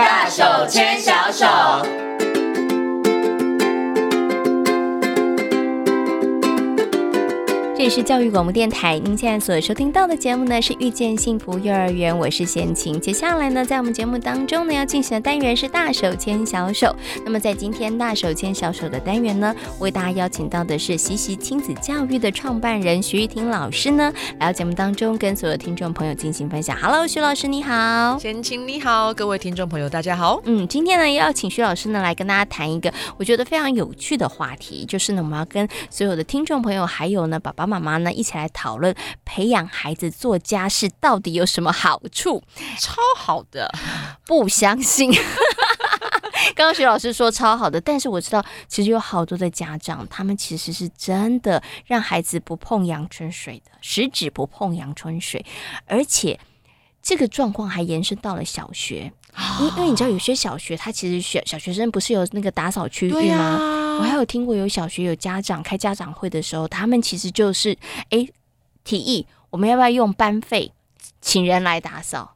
大手牽小手。這裡是教育廣播電台，您現在所收聽到的節目呢是《遇見幸福幼兒園》，我是賢琴。接下來呢，在我們節目當中呢要進行的單元是“大手牽小手”。那麼在今天“大手牽小手”的單元呢，為大家邀請到的是惜習親子教育的創辦人徐瑜亭老師呢，來到節目當中跟所有聽眾朋友進行分享。Hello，徐老師你好。賢琴你好，各位聽眾朋友大家好。嗯，今天呢也要請徐老師呢來跟大家談一個我覺得非常有趣的話題，就是呢我們要跟所有的聽眾朋友還有呢寶寶、爸爸媽媽呢？一起來討論培養孩子做家事到底有什麼好處？超好的，不相信？ 剛剛徐老師說超好的，但是我知道其實有好多的家長，他們其實是真的讓孩子不碰陽春水的，十指不碰陽春水，而且這個狀況還延伸到了小學。因為你知道，有些小學他其實學小學生不是有那個打掃區域嗎？啊、我還有聽過有小學有家長開家長會的時候，他們其實就是誒、欸、提議我們要不要用班費請人來打掃？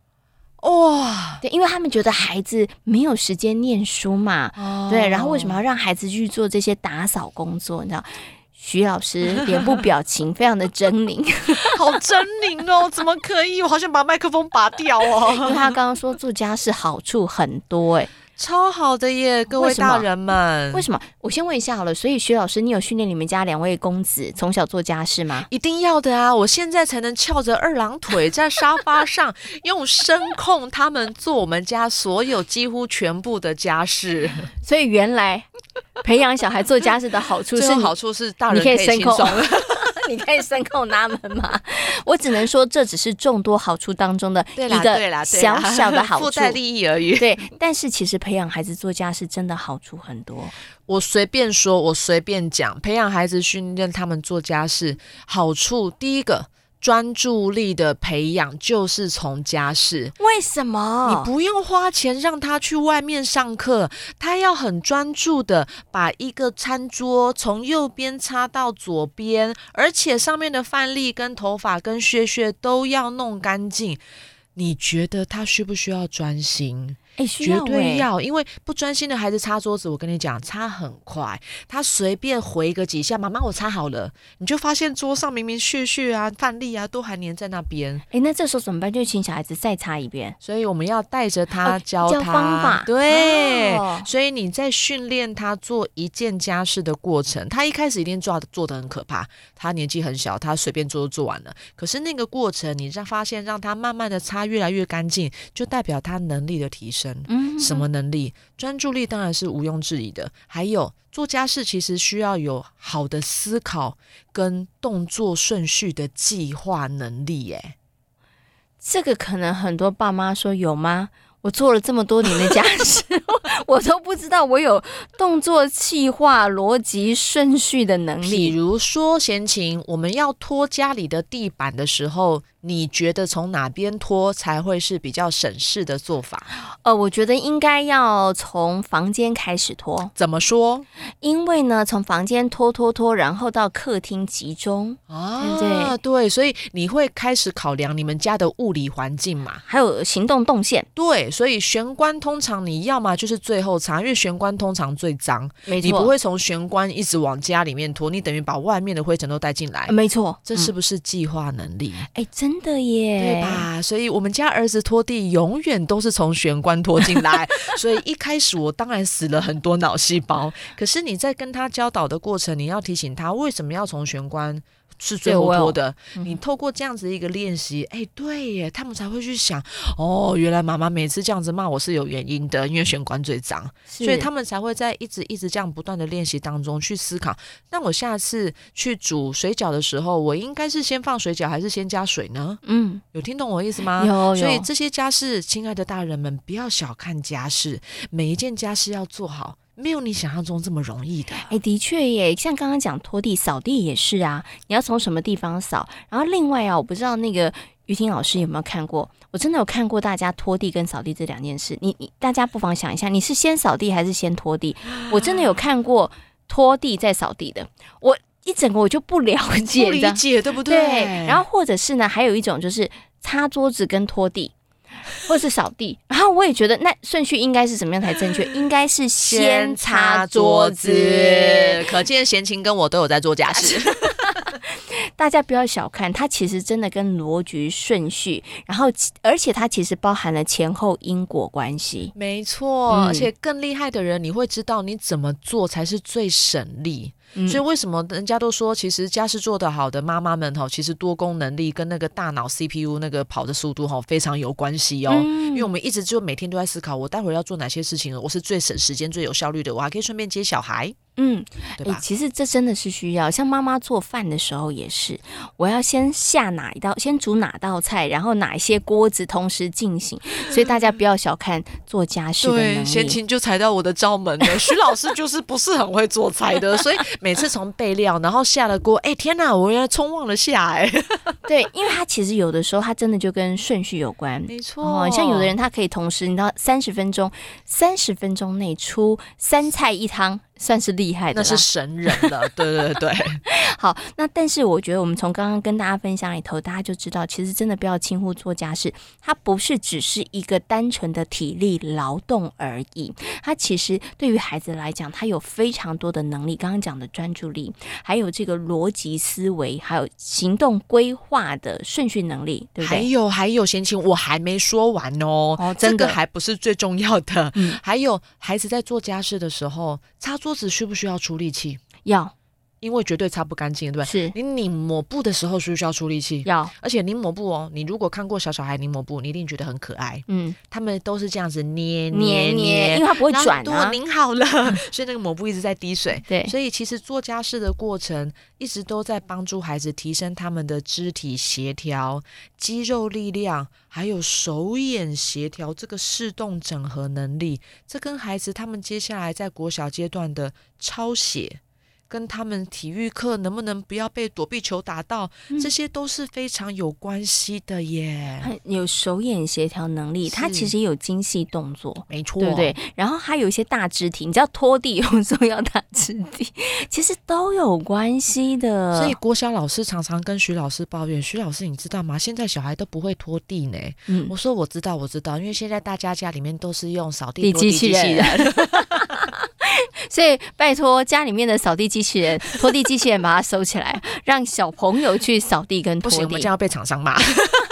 哇，oh. 對，因為他們覺得孩子沒有時間念書嘛，oh. 對，然後為什麼要讓孩子去做這些打掃工作？你知道？徐老師臉部表情非常的猙獰， 好猙獰哦！怎麼可以？我好想把麥克風拔掉哦！因為他剛剛說做家事好處很多，欸，誒，超好的耶！各位大人們為，為什麼？我先問一下好了。所以徐老師，你有訓練你們家兩位公子從小做家事嗎？一定要的啊！我現在才能翹着二郎腿在沙發上 用聲控他們做我們家所有幾乎全部的家事。所以原來。培養小孩做家事的好處是好處是大人可以輕鬆，你可以聲控他們嗎？我只能說，這只是眾多好處當中的一個小小的好處利益而已。對，但是其實培養孩子做家事真的好處很多。我隨便說，我隨便講，培養孩子訓練他們做家事好處，第一個。專注力的培養就是從家事。為什麼？你不用花錢讓他去外面上課，他要很專注的把一個餐桌從右邊插到左邊，而且上面的飯粒、跟頭髮、跟屑屑都要弄乾淨。你覺得他需不需要專心？絕對要，欸需要欸，因為不專心的孩子擦桌子，我跟你講，擦很快，他隨便回個幾下，媽媽我擦好了，你就發現桌上明明絮絮啊，飯粒啊都還黏在那邊。哎，欸，那這時候怎麼辦？就請小孩子再擦一遍。所以我們要帶着他教他，哦，方法，對。哦，所以你在訓練他做一件家事的過程，他一開始一定做做的很可怕，他年紀很小，他隨便做就做完了。可是那個過程，你讓發現讓他慢慢的擦越來越乾淨，就代表他能力的提升。什麼能力？專、嗯、哼注力當然是毋庸置疑的。還有做家事，其實需要有好的思考跟動作順序的計劃能力耶。哎，這個可能很多爸媽說有嗎？我做了這麼多年的家事， 我都不知道我有動作計劃、邏輯順序的能力。比如說，閒情我們要拖家裡的地板的時候。你覺得從哪邊拖才會是比較省事的做法？呃，我覺得應該要從房間開始拖。怎麼說？因為呢，從房間拖拖拖，然後到客廳集中。啊，對，對，對，所以你會開始考量你們家的物理環境嘛？還有行動動線。對，所以玄關通常你要嘛就是最後擦，因為玄關通常最髒。沒錯。你不會從玄關一直往家裡面拖，你等於把外面的灰塵都帶進來。沒錯。這是不是計劃能力？哎、嗯，真的。真的耶，對吧？所以我們家兒子拖地永遠都是從玄關拖進來， 所以一開始我當然死了很多腦細胞，可是你在跟他教導的過程，你要提醒他為什麼要從玄關。是最活潑的。嗯、你透過這樣子一個練習，哎、欸，對耶，他們才會去想，哦，原來媽媽每次這樣子罵我是有原因的，因為玄關最髒，是所以他們才會在一直一直這樣不斷的練習當中去思考。那我下次去煮水餃的時候，我應該是先放水餃還是先加水呢？嗯，有聽懂我意思嗎？有。有，所以這些家事，親愛的大人們，不要小看家事，每一件家事要做好。沒有你想象中這麼容易的。哎，的確耶，像剛剛講拖地、掃地也是啊。你要從什麼地方掃？然後另外啊，我不知道那個瑜亭老師有沒有看過，我真的有看過大家拖地跟掃地這兩件事。你你大家不妨想一下，你是先掃地還是先拖地？ 我真的有看過拖地再掃地的。我一整個我就不了解，理解對不對？對。然後或者是呢，還有一種就是擦桌子跟拖地。或是掃地，然後我也覺得那順序應該是怎麼樣才正確？應該是先擦桌子。 可見閒情跟我都有在做家事。 大家不要小看它，他其實真的跟邏輯順序，然後而且它其實包含了前後因果關係。沒錯錯，嗯、而且更厲害的人，你會知道你怎麼做才是最省力。所以為什麼人家都說，其實家事做得好的媽媽們哈，其實多工能力跟那個大腦 CPU 那個跑的速度哈，非常有關係哦。嗯，因為我們一直就每天都在思考，我待會兒要做哪些事情，我是最省時間、最有效率的，我還可以順便接小孩。嗯，哎吧、欸，其實這真的是需要，像媽媽做飯的時候也是，我要先下哪一道，先煮哪道菜，然後哪一些鍋子同時進行，所以大家不要小看做家事，對，先請就踩到我的招門了。徐老師就是不是很會做菜的， 所以每次從備料，然後下了鍋，哎、欸，天哪，我原來沖忘了下、欸，哎， 對，因為他其實有的時候他真的就跟順序有關，沒錯錯，像有的人他可以同時，你知道，三十分鐘，三十分鐘內出三菜一湯。算是厲害的，那是神人了，對 對對對。好，那但是我覺得我們從剛剛跟大家分享裡頭，大家就知道，其實真的不要輕忽做家事，它不是只是一個單純的體力勞動而已，它其實對於孩子來講，它有非常多的能力。剛剛講的專注力，還有這個邏輯思維，還有行動規劃的順序能力，對不對？還有還有，賢情，我還沒說完哦，哦，真的這個還不是最重要的。嗯，還有孩子在做家事的時候，他做。桌子需不需要處理器？要。因為絕對擦不乾淨，對吧？對。是你擰抹布的時候需不需要出力氣？要。而且擰抹布哦，你如果看過小小孩擰抹布，你一定覺得很可愛。嗯，他們都是這樣子捏捏捏，捏，捏，捏，因為它不會轉啊。擰好了，嗯、所以那個抹布一直在滴水。對，所以其實做家事的過程，一直都在幫助孩子提升他們的肢體協調、肌肉力量，還有手眼協調這個視動整合能力。這跟孩子他們接下來在國小階段的抄寫。跟他們體育課能不能不要被躲避球打到，嗯、這些都是非常有關係的耶。有手眼協調能力，是他其實也有精細動作，沒錯錯，對不對？然後還有一些大肢體，你知道拖地有時候要大肢體， 其實都有關係的。所以國小老師常常跟徐老師抱怨，徐老師你知道嗎？現在小孩都不會拖地呢。嗯、我說我知道，我知道，因為現在大家家裡面都是用掃地機器人。 所以拜託家裡面，的掃地機器人，拖地機器人把它收起來， 讓小朋友去掃地跟拖地。不行，我們這樣要被廠商罵。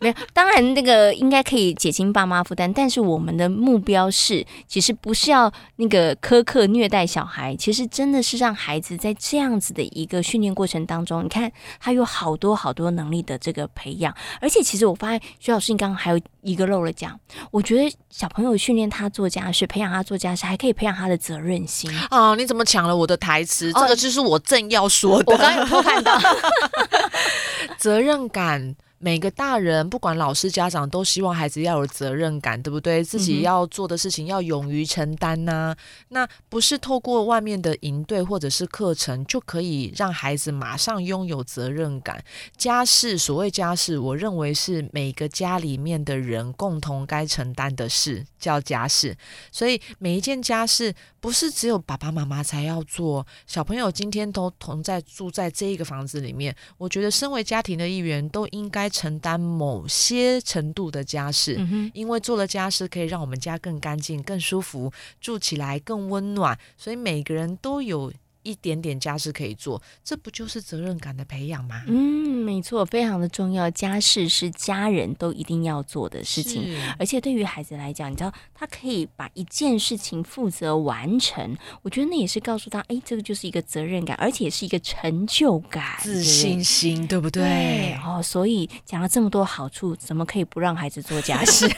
沒有，當然那個應該可以減輕爸媽負擔，但是我們的目標是，其實不是要那個苛刻虐待小孩，其實真的是讓孩子在這樣子的一個訓練過程當中，你看他有好多好多能力的這個培養，而且其實我發現徐老師，你剛剛還有一個漏了講，我覺得小朋友訓練他做家事，培養他做家事，還可以培養他的責任心啊！你怎麼搶了我的台詞？這個就是我正要說的，啊、我剛才偷看到 責任感。每個大人，不管老師、家長，都希望孩子要有責任感，對不對？自己要做的事情要勇於承擔吶、啊。嗯、哼那不是透過外面的營隊或者是課程就可以讓孩子馬上擁有責任感。家事，所謂家事，我認為是每個家裡面的人共同該承擔的事，叫家事。所以每一件家事，不是只有爸爸媽媽才要做。小朋友今天都同在住在這一個房子裡面，我覺得身為家庭的一員，都應該。承擔某些程度的家事，嗯哼。因為做了家事可以讓我們家更乾淨、更舒服，住起來更溫暖，所以每個人都有。一點點家事可以做，這不就是責任感的培養嗎？嗯，沒錯，非常的重要。家事是家人都一定要做的事情，是而且對於孩子來講，你知道他可以把一件事情負責完成，我覺得那也是告訴他，哎、欸，這個就是一個責任感，而且是一個成就感、自信心，是對不對，對？哦，所以講了這麼多好處，怎麼可以不讓孩子做家事？是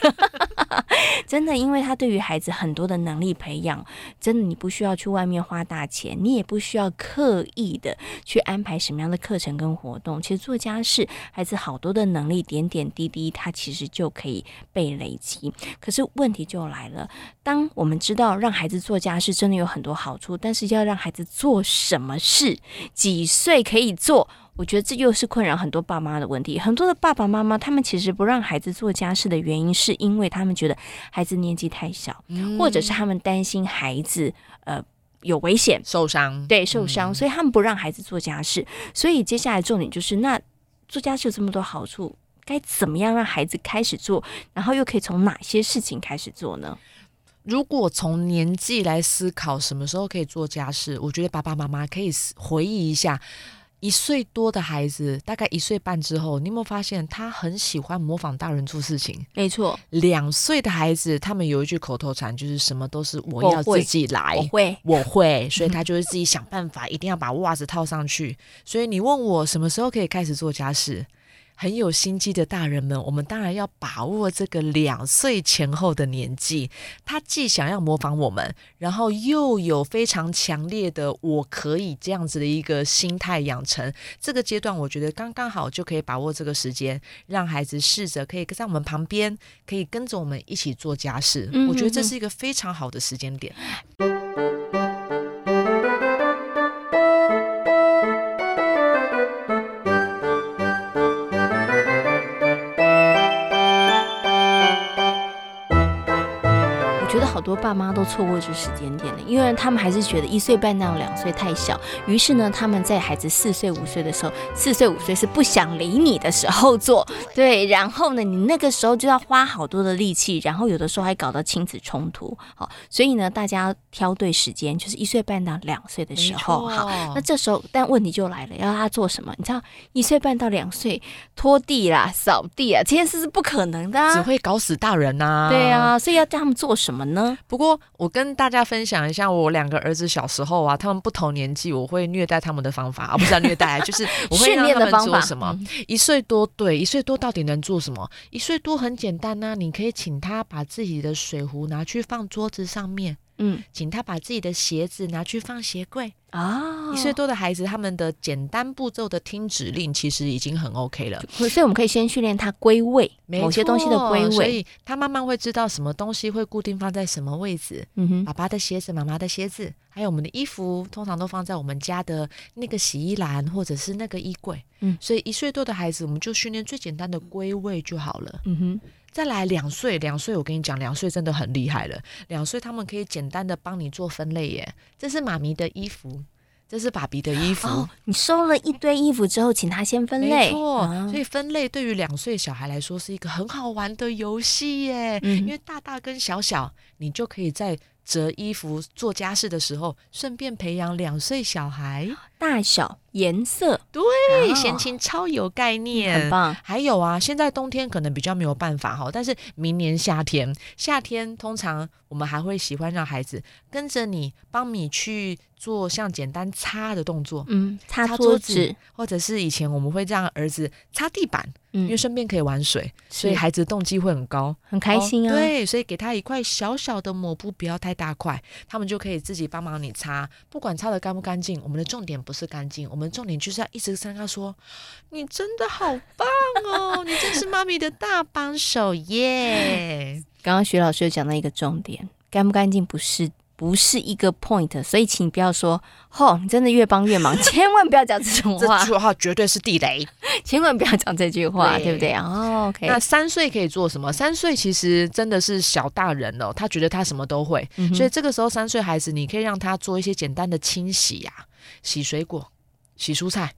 真的，因為他對於孩子很多的能力培養，真的你不需要去外面花大錢，你也不需要。需要刻意的去安排什麼樣的課程跟活動？其實做家事，孩子好多的能力，點點滴滴，他其實就可以被累積。可是問題就來了，當我們知道讓孩子做家事真的有很多好處，但是要讓孩子做什麼事，幾歲可以做？我覺得這又是困擾很多爸媽的問題。很多的爸爸媽媽，他們其實不讓孩子做家事的原因，是因為他們覺得孩子年紀太小，嗯、或者是他們擔心孩子呃。有危險，受傷，對，受傷，所以他們不讓孩子做家事。所以接下來重點就是，那做家事有這麼多好處，該怎麼樣讓孩子開始做？然後又可以從哪些事情開始做呢？如果從年紀來思考，什麼時候可以做家事？我覺得爸爸媽媽可以回憶一下。一歲多的孩子，大概一歲半之後，你有沒有發現他很喜歡模仿大人做事情？沒錯錯，兩歲的孩子，他們有一句口頭禪，就是什麼都是我要自己來，我會，我會，我會，所以他就是自己想辦法， 一定要把襪子套上去。所以你問我什麼時候可以開始做家事？很有心機的大人們，我們當然要把握這個兩歲前後的年紀，他既想要模仿我們，然後又有非常強烈的“我可以這樣子”的一個心態養成。這個階段，我覺得剛剛好就可以把握這個時間，讓孩子試着可以在我們旁邊，可以跟着我們一起做家事。嗯、哼哼，我覺得這是一個非常好的時間點。很多爸媽都錯過這時間點了，因為他們還是覺得一歲半到兩歲太小，於是呢，他們在孩子四歲五歲的時候，四歲五歲是不想理你的時候做，對，然後呢，你那個時候就要花好多的力氣，然後有的時候還搞到親子衝突，好，所以呢，大家挑對時間，就是一歲半到兩歲的時候，好，那這時候，但問題就來了，要他做什麼？你知道，一歲半到兩歲拖地啦、掃地啊，這件事是不可能的啊，只會搞死大人吶啊。對啊，所以要叫他們做什麼呢？不過，我跟大家分享一下我兩個兒子小時候啊，他們不同年紀，我會虐待他們的方法，而、 啊、不是要虐待，就是我會讓他們做什麼。一歲多，對，一歲多到底能做什麼？一歲多很簡單吶、啊，你可以請他把自己的水壺拿去放桌子上面，嗯，請他把自己的鞋子拿去放鞋櫃。啊，oh, 一歲多的孩子，他們的簡單步驟的聽指令其實已經很 OK 了，所以我們可以先訓練他歸位，哦、某些東西的歸位，所以他慢慢會知道什麼東西會固定放在什麼位置。嗯哼，爸爸的鞋子，媽媽的鞋子，還有我們的衣服，通常都放在我們家的那個洗衣籃或者是那個衣櫃。嗯，所以一歲多的孩子，我們就訓練最簡單的歸位就好了。嗯哼。再來兩歲，兩歲我跟你講，兩歲真的很厲害了。兩歲他們可以簡單的幫你做分類耶。這是媽咪的衣服，這是爸比的衣服。哦，你收了一堆衣服之後，請他先分類。沒錯，所以分類對於兩歲小孩來說是一個很好玩的遊戲耶。嗯哼。因為大大跟小小，你就可以在。折衣服、做家事的時候，順便培養兩歲小孩大小、顏色，對，然後，閒情超有概念，嗯、很棒。還有啊，現在冬天可能比較沒有辦法哈，但是明年夏天，夏天通常我們還會喜歡讓孩子跟着你，幫你去。做像簡單擦的動作，嗯，擦桌子，桌子或者是以前我們會讓兒子擦地板，嗯，因為順便可以玩水，是所以孩子的動機會很高，很開心啊、哦。對，所以給他一塊小小的抹布，不要太大塊，他們就可以自己幫忙你擦，不管擦得乾不乾淨，我們的重點不是乾淨，我們重點就是要一直跟他說，你真的好棒哦， 你真是媽咪的大幫手耶。剛、yeah、剛 徐老師有講到一個重點，乾不乾淨不是。不是一個 point，所以請不要說“哦，你真的越幫越忙”，千萬不要講這種話。 這句話絕對是地雷， 千萬不要講這句話，對，對不對哦，Oh, okay、那三歲可以做什麼？三歲其實真的是小大人了、哦，他覺得他什麼都會，嗯、哼所以這個時候三歲孩子，你可以讓他做一些簡單的清洗呀、啊，洗水果、洗蔬菜、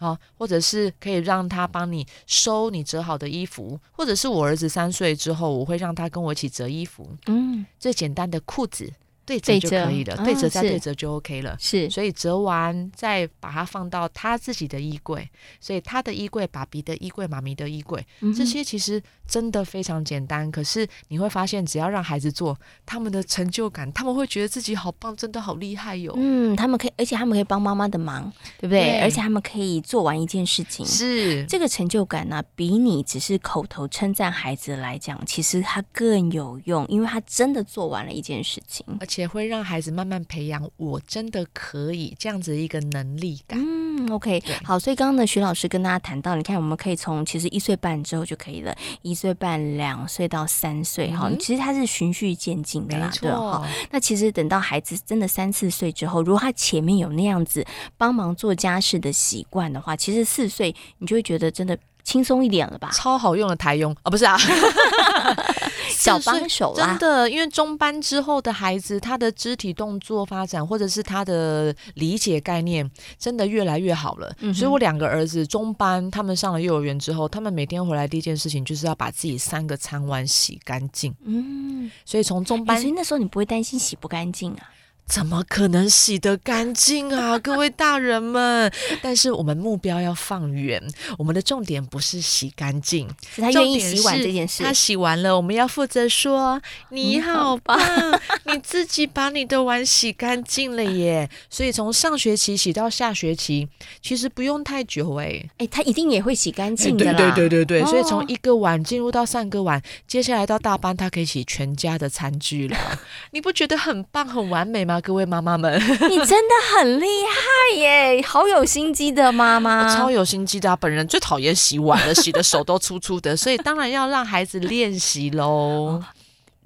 哦，或者是可以讓他幫你收你折好的衣服，或者是我兒子三歲之後，我會讓他跟我一起折衣服，嗯，最簡單的褲子。對折，對折就可以了，對折再對折就 OK 了。啊、是，所以折完再把它放到他自己的衣櫃。所以他的衣櫃、爸比的衣櫃、媽咪的衣櫃，這些其實真的非常簡單。嗯、哼可是你會發現，只要讓孩子做，他們的成就感，他們會覺得自己好棒，真的好厲害喲。嗯，他們可以，而且他們可以幫媽媽的忙，對不對？而且他們可以做完一件事情，是這個成就感呢、啊，比你只是口頭稱讚孩子來講，其實他更有用，因為他真的做完了一件事情，而且會讓孩子慢慢培養，我真的可以這樣子一個能力感。嗯，OK，對好。所以剛剛呢，徐老師跟大家談到，你看我們可以從其實一歲半之後就可以了，一歲半、兩歲到三歲，哈、嗯，其實它是循序漸進的啦，沒錯對哈、哦，那其實等到孩子真的三四歲之後，如果他前面有那樣子幫忙做家事的習慣的話，其實四歲你就會覺得真的，輕鬆一點了吧，超好用的台傭啊不是啊， 小幫手、啊、真的，因為中班之後的孩子，他的肢體動作發展或者是他的理解概念真的越來越好了，嗯哼，所以我兩個兒子中班，他們上了幼兒園之後，他們每天回來第一件事情就是要把自己三個餐碗洗乾淨，嗯，所以從中班、欸，所以那時候你不會擔心洗不乾淨啊。怎麼可能洗得乾淨啊，各位大人們！ 但是我們目標要放遠，我們的重點不是洗乾淨，重點是他洗碗這件事。他洗完了，我們要負責說你好棒， 你自己把你的碗洗乾淨了耶！ 所以從上學期洗到下學期，其實不用太久哎、欸、哎、欸，他一定也會洗乾淨的啦、欸！對對對對，對，哦、所以從一個碗進入到三個碗，接下來到大班，他可以洗全家的餐具了。 你不覺得很棒、很完美嗎？各位媽媽們，你真的很厲害耶！ 好有心機的媽媽，我超有心機的啊！本人最討厭洗碗了，洗的手都粗粗的， 所以當然要讓孩子練習嘍。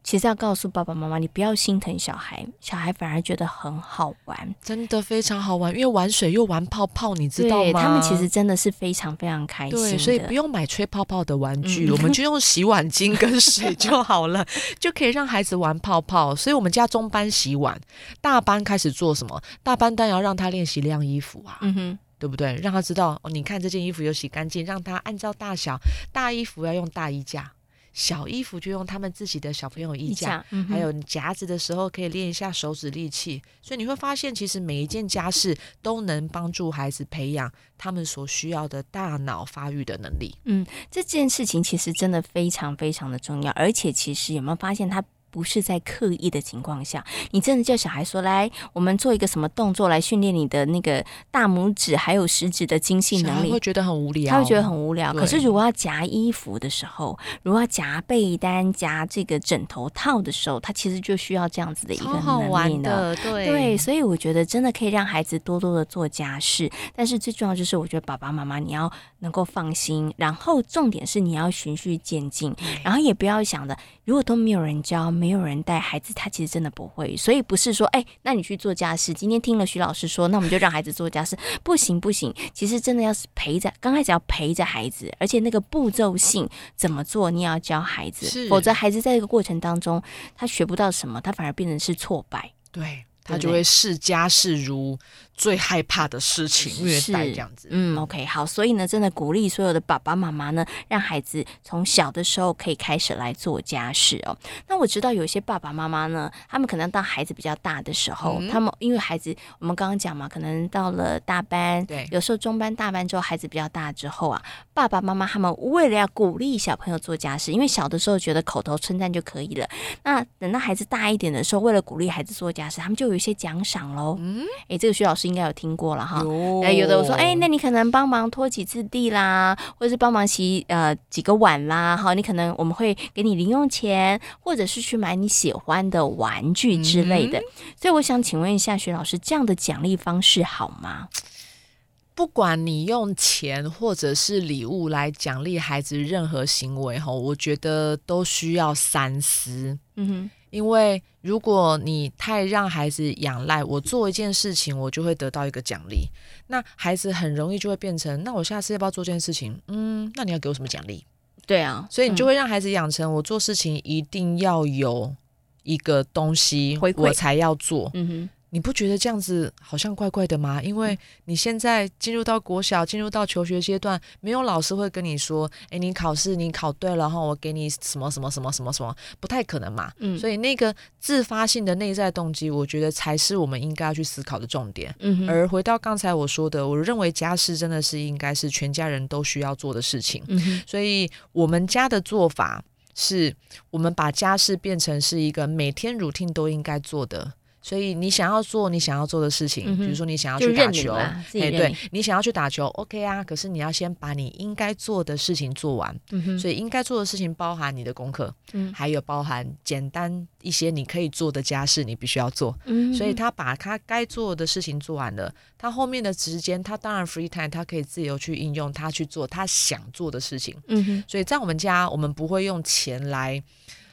其實要告訴爸爸媽媽，你不要心疼小孩，小孩反而覺得很好玩，真的非常好玩，因為玩水又玩泡泡，你知道嗎？對，他們其實真的是非常非常開心。對，所以不用買吹泡泡的玩具，嗯、我們就用洗碗巾跟水就好了， 就可以讓孩子玩泡泡。所以我們家中班洗碗，大班開始做什麼？大班當然要讓他練習晾衣服啊，嗯哼，對不對？讓他知道，哦、你看這件衣服有洗乾淨，讓他按照大小，大衣服要用大衣架。小衣服就用他們自己的小朋友衣架、架，嗯、還有你夾子的時候可以練一下手指力氣，所以你會發現，其實每一件家事都能幫助孩子培養他們所需要的大腦發育的能力。嗯，這件事情其實真的非常非常的重要，而且其實有沒有發現他？不是在刻意的情況下，你真的叫小孩說，來，我們做一個什麼動作來訓練你的那個大拇指還有食指的精細能力，他會覺得很無聊，他會覺得很無聊。對可是如果要夾衣服的時候，如果要夾被單、夾這個枕頭套的時候，他其實就需要這樣子的一個能力的。對，對，所以我覺得真的可以讓孩子多多的做家事，但是最重要就是，我覺得爸爸媽媽你要能夠放心，然後重點是你要循序漸進，對然後也不要想的，如果都沒有人教。沒有人帶孩子，他其實真的不會。所以不是說，哎，那你去做家事。今天聽了徐老師說，那我們就讓孩子做家事， 不行不行。其實真的要是陪着，剛開始要陪着孩子，而且那個步驟性怎麼做，你也要教孩子，是否則孩子在這個過程當中，他學不到什麼，他反而變成是挫敗，對他就會視家事如。對最害怕的事情，虐待是這樣子，嗯，嗯，OK，好，所以呢，真的鼓勵所有的爸爸媽媽呢，讓孩子從小的時候可以開始來做家事哦。那我知道有些爸爸媽媽呢，他們可能到孩子比較大的時候，嗯、他們因為孩子，我們剛剛講嘛，可能到了大班，對，有時候中班、大班之後，孩子比較大之後啊，爸爸媽媽他們為了要鼓勵小朋友做家事，因為小的時候覺得口頭稱讚就可以了，那等到孩子大一點的時候，為了鼓勵孩子做家事，他們就有一些獎賞嘍。嗯，哎、欸，這個徐老師。應該有聽過了哈，哦、有的我說，哎、欸，那你可能幫忙拖幾次地啦，或者是幫忙洗呃幾個碗啦，好，你可能我們會給你零用錢，或者是去買你喜歡的玩具之類的。嗯哼。所以我想請問一下，徐老師，這樣的獎勵方式好嗎？不管你用錢或者是禮物來獎勵孩子任何行為，哈，我覺得都需要三思。嗯哼。因為如果你太讓孩子仰賴，我做一件事情我就會得到一個獎勵，那孩子很容易就會變成，那我下次要不要做這件事情？嗯，那你要給我什麼獎勵？對啊，所以你就會讓孩子養成，嗯、我做事情一定要有一個東西，我才要做。嗯你不覺得這樣子好像怪怪的嗎？因為你現在進入到國小，進入到求學階段，沒有老師會跟你說：“誒，你考試你考對了，然後我給你什麼什麼什麼什麼什麼。”不太可能嘛。嗯，所以那個自發性的內在動機，我覺得才是我們應該要去思考的重點。嗯哼。而回到剛才我說的，我認為家事真的是應該是全家人都需要做的事情。嗯哼。所以我們家的做法是，我們把家事變成是一個每天 routine 都應該做的。所以你想要做你想要做的事情，嗯、哼比如說你想要去打球，哎，對，你想要去打球，OK 啊。可是你要先把你應該做的事情做完。嗯、哼所以應該做的事情包含你的功課，嗯、還有包含簡單一些你可以做的家事，你必須要做。嗯、哼所以他把他該做的事情做完了，嗯、哼他後面的時間他當然 free time，他可以自由去應用他去做他想做的事情。嗯、哼所以在我們家，我們不會用錢來。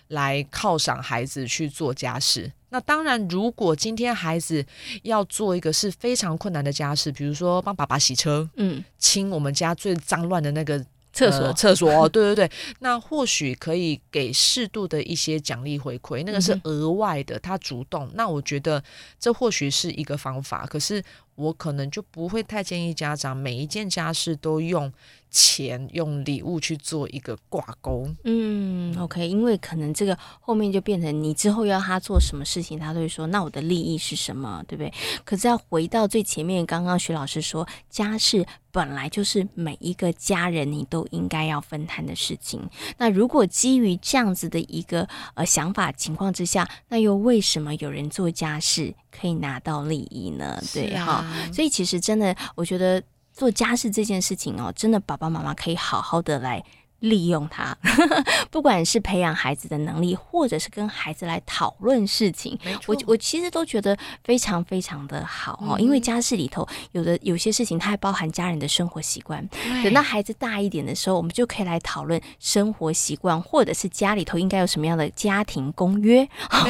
來犒賞孩子去做家事。那當然，如果今天孩子要做一個是非常困難的家事，比如說幫爸爸洗車，嗯，清我們家最髒亂的那個廁所，呃、廁所，對對對。 那或許可以給適度的一些獎勵回饋，那個是額外的，他主動。嗯、哼那我覺得這或許是一個方法。可是。我可能就不會太建議家長每一件家事都用錢、用禮物去做一個掛鈎。嗯，OK，因為可能這個後面就變成你之後要他做什麼事情，他都會說那我的利益是什麼，對不對？可是要回到最前面，剛剛徐老師說家事本來就是每一個家人你都應該要分攤的事情。那如果基於這樣子的一個呃想法情況之下，那又為什麼有人做家事可以拿到利益呢？對哈。所以其實真的，我覺得做家事這件事情哦，真的爸爸媽媽可以好好的來，利用它，呵呵，不管是培養孩子的能力，或者是跟孩子來討論事情，沒錯。我我其實都覺得非常非常的好哦。嗯嗯。因為家事裡頭有的有些事情，它還包含家人的生活習慣。對。等到孩子大一點的時候，我們就可以來討論生活習慣，或者是家裡頭應該有什麼樣的家庭公約。啊、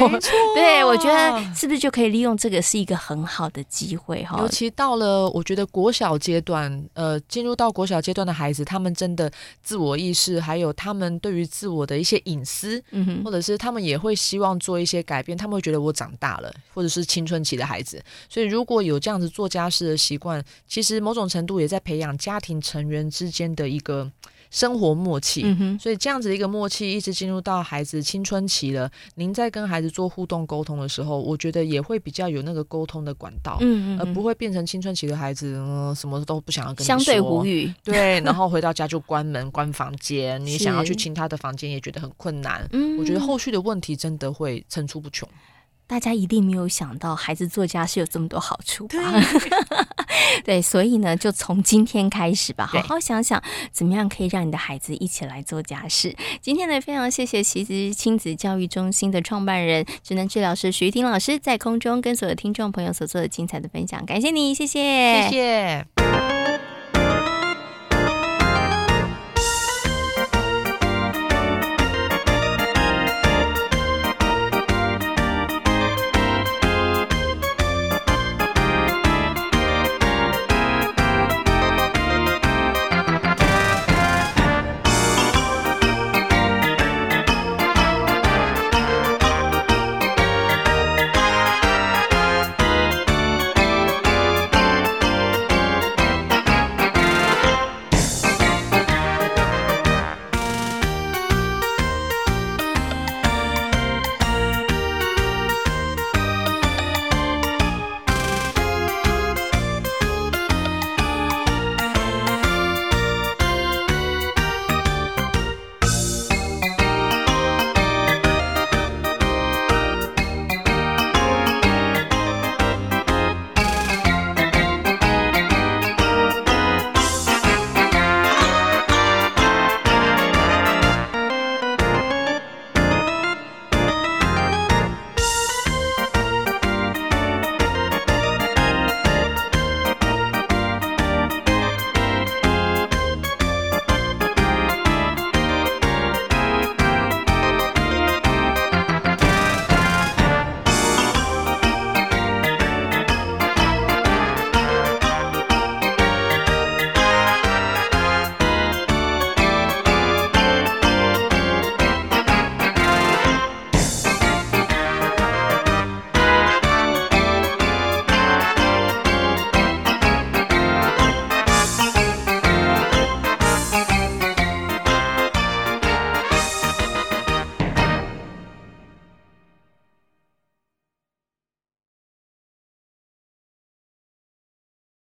對，我覺得是不是就可以利用這個是一個很好的機會哈、哦？尤其到了我覺得國小階段，呃，進入到國小階段的孩子，他們真的自我意識。是，還有他們對於自我的一些隱私，或者是他們也會希望做一些改變，他們會覺得我長大了，或者是青春期的孩子，所以如果有這樣子做家事的習慣，其實某種程度也在培養家庭成員之間的一個。生活默契，嗯、哼所以這樣子一個默契，一直進入到孩子青春期了。您在跟孩子做互動溝通的時候，我覺得也會比較有那個溝通的管道，嗯、哼而不會變成青春期的孩子，嗯、呃，什麼都不想要跟你說，相對無語，對，然後回到家就關門 關房間，你想要去親他的房間也覺得很困難。嗯是，我覺得後續的問題真的會層出不窮。大家一定沒有想到，孩子做家事有這麼多好處。對， 對，所以呢，就從今天開始吧，好好想想怎麼樣可以讓你的孩子一起來做家事。對今天呢，非常謝謝惜習親子教育中心的創辦人、職能治療師徐瑜亭老師，在空中跟所有聽眾朋友所做的精彩的分享，感謝你，謝謝，謝謝。